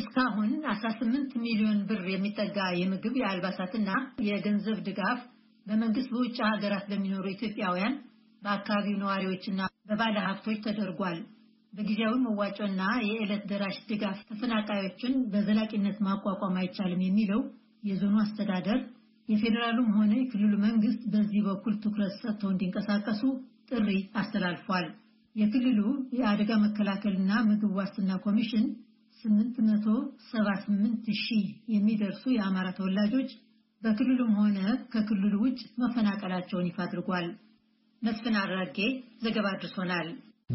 እስካሁን 18 ሚሊዮን ብር የሚጠጋ የምግብ የአልባሳትና የገንዘብ ድጋፍ በመንግስት በውጭ ሀገራት በሚኖሩ ኢትዮጵያውያን በአካባቢው ነዋሪዎችና በባለ ሀብቶች ተደርጓል። በጊዜያዊ መዋጮና የዕለት ደራሽ ድጋፍ ተፈናቃዮችን በዘላቂነት ማቋቋም አይቻልም የሚለው የዞኑ አስተዳደር የፌዴራሉም ሆነ የክልሉ መንግስት በዚህ በኩል ትኩረት ሰጥተው እንዲንቀሳቀሱ ጥሪ አስተላልፏል። የክልሉ የአደጋ መከላከልና ምግብ ዋስትና ኮሚሽን 878 ሺህ የሚደርሱ የአማራ ተወላጆች በክልሉም ሆነ ከክልሉ ውጭ መፈናቀላቸውን ይፋ አድርጓል። መስፍን አራጌ ዘገባ አድርሶናል።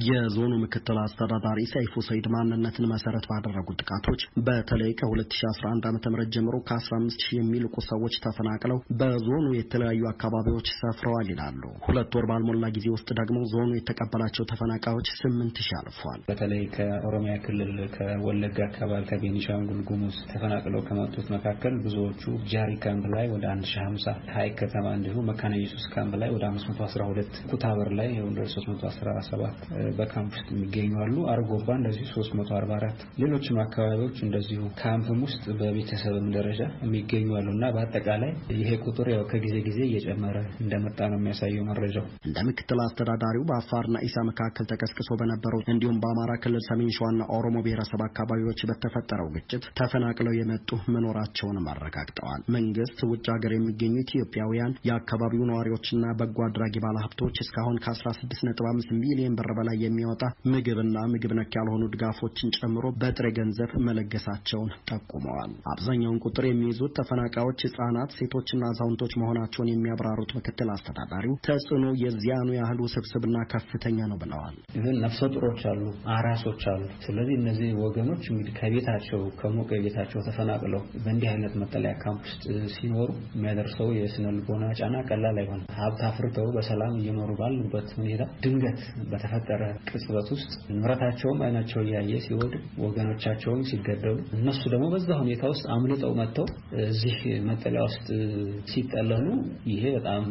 የዞኑ ምክትል አስተዳዳሪ ሰይፉ ሰይድ ማንነትን መሰረት ባደረጉ ጥቃቶች በተለይ ከ2011 ዓ ም ጀምሮ ከ15 ሺህ የሚልቁ ሰዎች ተፈናቅለው በዞኑ የተለያዩ አካባቢዎች ሰፍረዋል ይላሉ። ሁለት ወር ባልሞላ ጊዜ ውስጥ ደግሞ ዞኑ የተቀበላቸው ተፈናቃዮች 8 ሺህ አልፏል። በተለይ ከኦሮሚያ ክልል ከወለጋ አካባቢ፣ ከቤኒሻንጉል ጉሙዝ ተፈናቅለው ከመጡት መካከል ብዙዎቹ ጃሪ ካምፕ ላይ ወደ 150 ሀይቅ ከተማ እንዲሁ መካነ ኢየሱስ ካምፕ ላይ ወደ 512 ኩታበር ላይ ወደ 317 በካምፕ ውስጥ የሚገኙ አሉ። አርጎባ እንደዚሁ 344 ሌሎችም አካባቢዎች እንደዚሁ ካምፕም ውስጥ በቤተሰብም ደረጃ የሚገኙ አሉ እና በአጠቃላይ ይሄ ቁጥር ያው ከጊዜ ጊዜ እየጨመረ እንደመጣ ነው የሚያሳየው መረጃው። እንደ ምክትል አስተዳዳሪው በአፋርና ኢሳ መካከል ተቀስቅሶ በነበረው እንዲሁም በአማራ ክልል ሰሜን ሸዋና ኦሮሞ ብሔረሰብ አካባቢዎች በተፈጠረው ግጭት ተፈናቅለው የመጡ መኖራቸውንም አረጋግጠዋል። መንግስት ውጭ ሀገር የሚገኙ ኢትዮጵያውያን፣ የአካባቢው ነዋሪዎችና በጎ አድራጊ ባለሀብቶች እስካሁን ከ16.5 ሚሊዮን ብር በላይ ላይ የሚወጣ ምግብና ምግብ ነክ ያልሆኑ ድጋፎችን ጨምሮ በጥሬ ገንዘብ መለገሳቸውን ጠቁመዋል። አብዛኛውን ቁጥር የሚይዙት ተፈናቃዮች ህጻናት፣ ሴቶችና አዛውንቶች መሆናቸውን የሚያብራሩት ምክትል አስተዳዳሪው ተጽዕኖ የዚያኑ ያህል ውስብስብና ከፍተኛ ነው ብለዋል። ይህን ነፍሰ ጡሮች አሉ፣ አራሶች አሉ። ስለዚህ እነዚህ ወገኖች እንግዲህ ከቤታቸው ከሞቀ ቤታቸው ተፈናቅለው በእንዲህ አይነት መጠለያ ካምፕ ውስጥ ሲኖሩ የሚያደርሰው የስነ ልቦና ጫና ቀላል አይሆንም። ሀብት አፍርተው በሰላም እየኖሩ ባሉበት ሁኔታ ድንገት በተፈጠረ ቅጽበት ውስጥ ንብረታቸውም አይናቸው እያየ ሲወድ ወገኖቻቸውም ሲገደሉ እነሱ ደግሞ በዛ ሁኔታ ውስጥ አምልጠው መጥተው እዚህ መጠለያ ውስጥ ሲጠለሉ ይሄ በጣም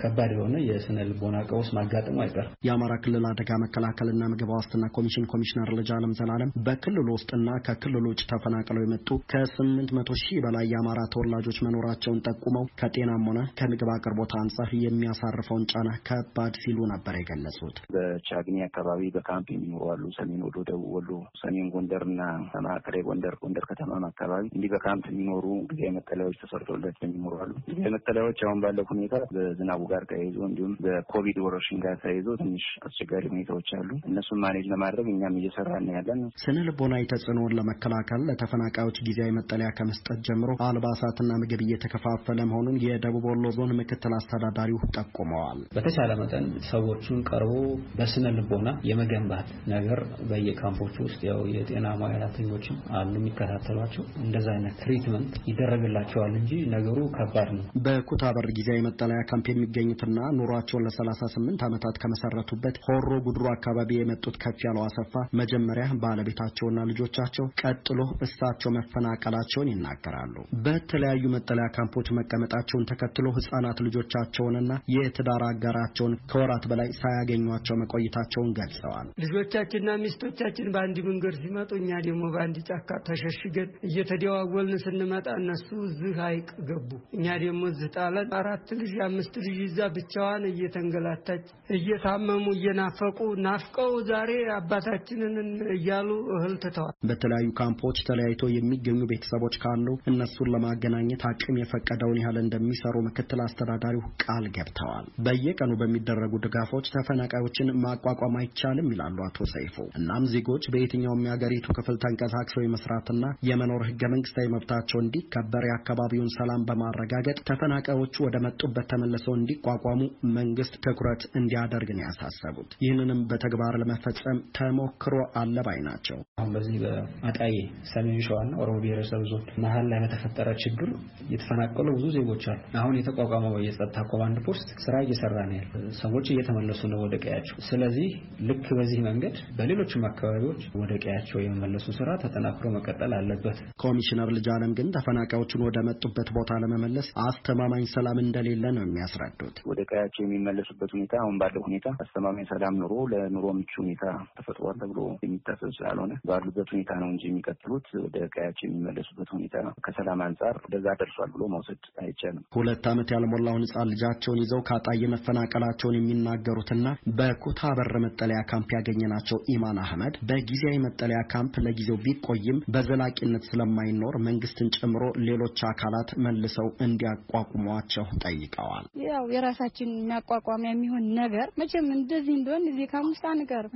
ከባድ የሆነ የስነ ልቦና ቀውስ ማጋጠሙ አይቀርም። የአማራ ክልል አደጋ መከላከልና ምግብ ዋስትና ኮሚሽን ኮሚሽነር ልጅ አለም ዘላለም በክልሉ ውስጥና ከክልሉ ውጭ ተፈናቅለው የመጡ ከስምንት መቶ ሺህ በላይ የአማራ ተወላጆች መኖራቸውን ጠቁመው ከጤናም ሆነ ከምግብ አቅርቦት አንጻር የሚያሳርፈውን ጫና ከባድ ሲሉ ነበር የገለጹት። በቻግኒ አካባቢ በካምፕ የሚኖሩ አሉ። ሰሜን ወደ ደቡብ ወሎ፣ ሰሜን ጎንደር እና ማዕከላዊ ጎንደር ጎንደር ከተማም አካባቢ እንዲህ በካምፕ የሚኖሩ ጊዜ መጠለያዎች ተሰርቶለት የሚኖሩ አሉ። መጠለያዎች አሁን ባለው ሁኔታ በዝናቡ ጋር ተያይዞ እንዲሁም በኮቪድ ወረርሽኝ ጋር ተያይዞ ትንሽ አስቸጋሪ ሁኔታዎች አሉ። እነሱን ማኔጅ ለማድረግ እኛም እየሰራ እናያለን። ስነ ልቦናዊ ተጽዕኖን ለመከላከል ለተፈናቃዮች ጊዜያዊ መጠለያ ከመስጠት ጀምሮ አልባሳትና ምግብ እየተከፋፈለ መሆኑን የደቡብ ወሎ ዞን ምክትል አስተዳዳሪው ጠቁመዋል። በተቻለ መጠን ሰዎቹን ቀርቦ በስነ ልቦ ልቦና የመገንባት ነገር በየካምፖች ውስጥ ያው የጤና ሙያተኞችም አሉ የሚከታተሏቸው። እንደዛ አይነት ትሪትመንት ይደረግላቸዋል እንጂ ነገሩ ከባድ ነው። በኩታበር ጊዜያዊ መጠለያ ካምፕ የሚገኙትና ኑሯቸውን ለሰላሳ ስምንት ዓመታት ከመሰረቱበት ሆሮ ጉድሮ አካባቢ የመጡት ከፍ ያለው አሰፋ መጀመሪያ ባለቤታቸውና ልጆቻቸው ቀጥሎ እሳቸው መፈናቀላቸውን ይናገራሉ። በተለያዩ መጠለያ ካምፖች መቀመጣቸውን ተከትሎ ህጻናት ልጆቻቸውንና የትዳር አጋራቸውን ከወራት በላይ ሳያገኟቸው መቆየታቸውን መሆናቸውን ገልጸዋል። ልጆቻችንና ሚስቶቻችን በአንድ መንገድ ሲመጡ እኛ ደግሞ በአንድ ጫካ ተሸሽገን እየተደዋወልን ስንመጣ እነሱ እዚህ ሐይቅ ገቡ፣ እኛ ደግሞ እዚህ ጣለን። አራት ልጅ አምስት ልጅ ይዛ ብቻዋን እየተንገላታች እየታመሙ እየናፈቁ ናፍቀው ዛሬ አባታችንን እያሉ እህል ትተዋል። በተለያዩ ካምፖች ተለያይቶ የሚገኙ ቤተሰቦች ካሉ እነሱን ለማገናኘት አቅም የፈቀደውን ያህል እንደሚሰሩ ምክትል አስተዳዳሪው ቃል ገብተዋል። በየቀኑ በሚደረጉ ድጋፎች ተፈናቃዮችን ማቋቋም ማቋቋም አይቻልም ይላሉ አቶ ሰይፉ። እናም ዜጎች በየትኛውም የሀገሪቱ ክፍል ተንቀሳቅሰው የመስራትና የመኖር ህገ መንግስታዊ መብታቸው እንዲከበር የአካባቢውን ሰላም በማረጋገጥ ተፈናቃዮቹ ወደ መጡበት ተመልሰው እንዲቋቋሙ መንግስት ትኩረት እንዲያደርግ ነው ያሳሰቡት። ይህንንም በተግባር ለመፈጸም ተሞክሮ አለ ባይ ናቸው። አሁን በዚህ በአጣዬ ሰሜን ሸዋና ኦሮሞ ብሔረሰብ ዞን መሀል ላይ በተፈጠረ ችግር የተፈናቀሉ ብዙ ዜጎች አሉ። አሁን የተቋቋመው የጸጥታ ኮማንድ ፖስት ስራ እየሰራ ነው ያለ፣ ሰዎች እየተመለሱ ነው ወደ ቀያቸው። ስለዚህ ልክ በዚህ መንገድ በሌሎችም አካባቢዎች ወደ ቀያቸው የመመለሱ ስራ ተጠናክሮ መቀጠል አለበት። ኮሚሽነር ልጃለም ግን ተፈናቃዮቹን ወደ መጡበት ቦታ ለመመለስ አስተማማኝ ሰላም እንደሌለ ነው የሚያስረዱት። ወደ ቀያቸው የሚመለሱበት ሁኔታ አሁን ባለው ሁኔታ አስተማማኝ ሰላም ኑሮ ለኑሮ ምቹ ሁኔታ ተፈጥሯል ተብሎ የሚታሰብ ስላልሆነ ባሉበት ሁኔታ ነው እንጂ የሚቀጥሉት ወደ ቀያቸው የሚመለሱበት ሁኔታ ከሰላም አንጻር ወደዛ ደርሷል ብሎ መውሰድ አይቻልም። ሁለት ዓመት ያልሞላውን ህጻን ልጃቸውን ይዘው ካጣየ መፈናቀላቸውን የሚናገሩትና በኩታ በር መጠለያ ካምፕ ያገኘናቸው ኢማን አህመድ በጊዜያዊ መጠለያ ካምፕ ለጊዜው ቢቆይም በዘላቂነት ስለማይኖር መንግስትን ጨምሮ ሌሎች አካላት መልሰው እንዲያቋቁሟቸው ጠይቀዋል። ያው የራሳችን የሚያቋቋሚያ የሚሆን ነገር መቼም እንደዚህ እንደሆን እዚህ ካምፕ ውስጥ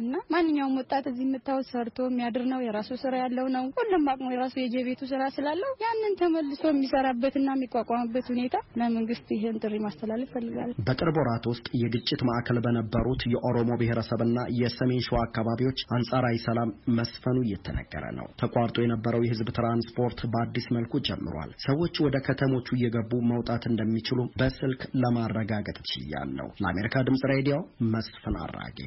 እና ማንኛውም ወጣት እዚህ የምታወት ሰርቶ የሚያድር ነው። የራሱ ስራ ያለው ነው። ሁሉም አቅሞ የራሱ የጀቤቱ ስራ ስላለው ያንን ተመልሶ የሚሰራበትና የሚቋቋምበት ሁኔታ ለመንግስት ይህን ጥሪ ማስተላለፍ ፈልጋለሁ። በቅርብ ወራት ውስጥ የግጭት ማዕከል በነበሩት የኦሮሞ ብሔረሰብ ምዕራብና የሰሜን ሸዋ አካባቢዎች አንጻራዊ ሰላም መስፈኑ እየተነገረ ነው። ተቋርጦ የነበረው የህዝብ ትራንስፖርት በአዲስ መልኩ ጀምሯል። ሰዎች ወደ ከተሞቹ እየገቡ መውጣት እንደሚችሉ በስልክ ለማረጋገጥ ችያለሁ። ለአሜሪካ ድምጽ ሬዲዮ መስፍን አራጌ